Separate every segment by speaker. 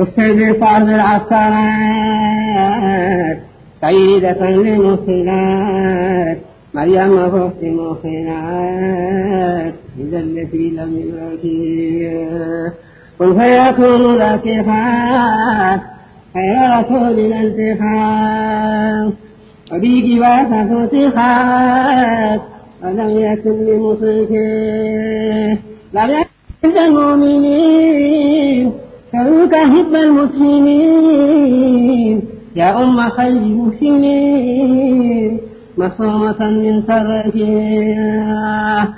Speaker 1: استبقاء العصرات سيدة للمحسنات مريم فخت محسنات إذا التي لم يعجيه قل فيكون ذا كفاك خير رسول الالتحاق وبيك واسع فتحاك ولم يكن لمصرفه لم يكن للمؤمنين سلوك هب المسلمين يا أم خير المسلمين مصومة من فرجها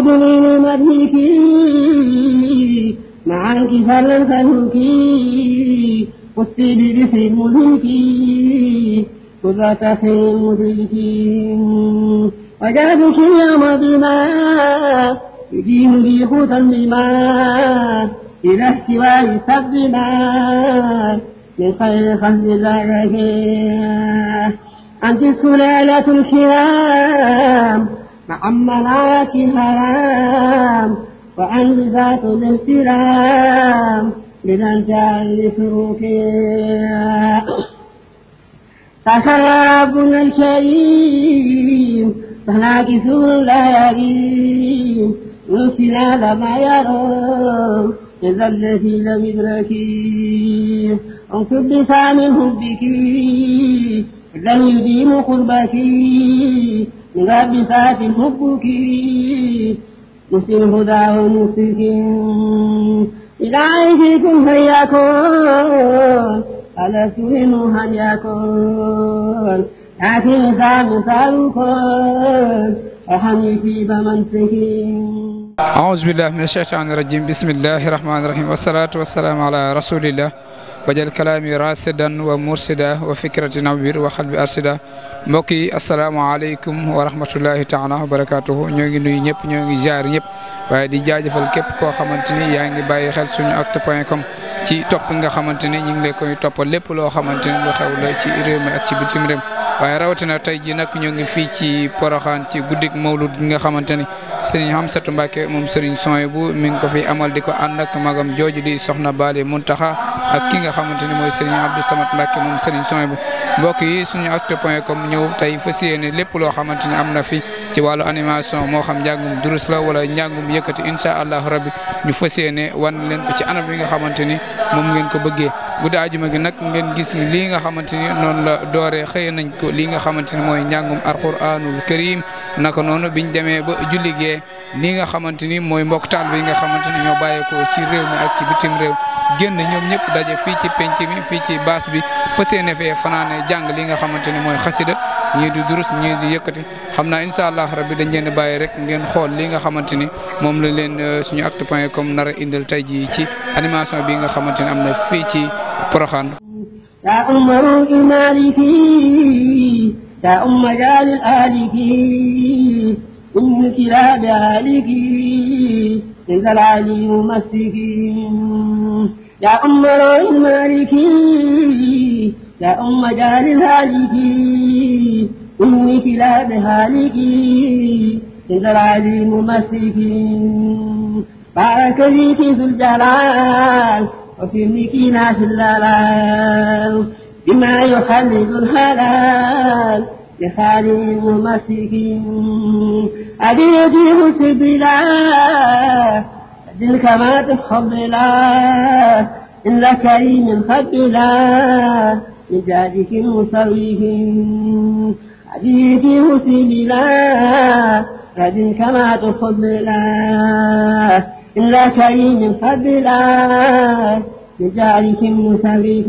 Speaker 1: من لمدهك مع فلن تنكي أسي بذكر الملوك قدرة خير المدركين وجادك يا مدينة يدين لي خوتا بما إلى استواء سبما لخير خلق الله أنت سلالة الكرام مع ملاك الهرام وأنت ذات الاحترام من الجاهل فروقيا تسرى الكريم فناكس الليالي وابتلال ما يروم إذا الذي لم يدركيه أو كبت منه بك لم يديم قربك من حبك نسل هدى ونسلك إلى عيشكم هياكم على سرين هياكم لكن سامسالكم أحنيتي بمنسكين
Speaker 2: أعوذ بالله من الشيطان الرجيم بسم الله الرحمن الرحيم والصلاة والسلام على رسول الله وجل كلام راسدا ومرسدا وفكرة نبير وخلب أرسدا موكي السلام عليكم ورحمة الله تعالى وبركاته نيوغي نوي نيب نيوغي جار نيب باي دي جاجي فالكيب كو خمانتني يانغي باي خل سوني أكت بوينكم تي توب نغا خمانتني نيوغي لكوي توب لب لو خمانتني لو خيو لو تي ريم أكت بيتم ريم باي راوتنا تايجي نك نيوغي في تي بورخان تي قدك مولود نغا sëriñ setu Mbàkke moom sëriñ sony bu mi ngi ko fi amal di ko ànd ak magam jooju di soxna Baali taxa ak ki nga xamante ni mooy sëriñ Abdou samat Mbàkke moom sëriñ sony bu mbokk yi suñu actu.com ñëw tey fas yéene lépp loo xamante ni am na fi ci wàllu animation moo xam njàngum durus la wala njàngum yëkkati incha allahu rabbi ñu fas yéene wan leen ci anam yi nga xamante ni moom ngeen ko bëggee guddi ajuma gi nag ngeen gis lii nga xamante ni noonu la dooree xëy nañ ko lii nga xamante ni mooy njàngum alquranul karim naka noonu biñ demee ba julligee lii nga xamante ni mooy mbokk taal bi nga xamante ni ñoo bàyyeekoo ci réew mi ak ci bitim réew génn ñoom ñëpp daje fii ci penc mi fii ci baas bi fa seen fee fanaane jàng li nga xamante ni mooy xasida ñii di durus ñii di yëkkati xam naa incha allah rabbi dañ leen bàyyi rek ngeen xool li nga xamante ni moom la leen euh, suñu actu point com nar a indil tey jii ci animation bi nga xamante ni am na fii ci poroxaan
Speaker 1: يا أم روح maaliki يا أم جال aaliki أم كلاب aaliki إذا العليم مسكين يا أم روح مالكي يا أم جال هالكي أم كلاب هالكي إذا العليم مسكين بارك فيك ذو الجلال وفي في الضلال بما يخلد الحلال بحال مسيح أديده سبلا تلك ما تحب لا إلا كريم خبلا لا من جاده مسويه أديده سبلا تلك ما تحب لا إلا كريم خب بذلك من خبيث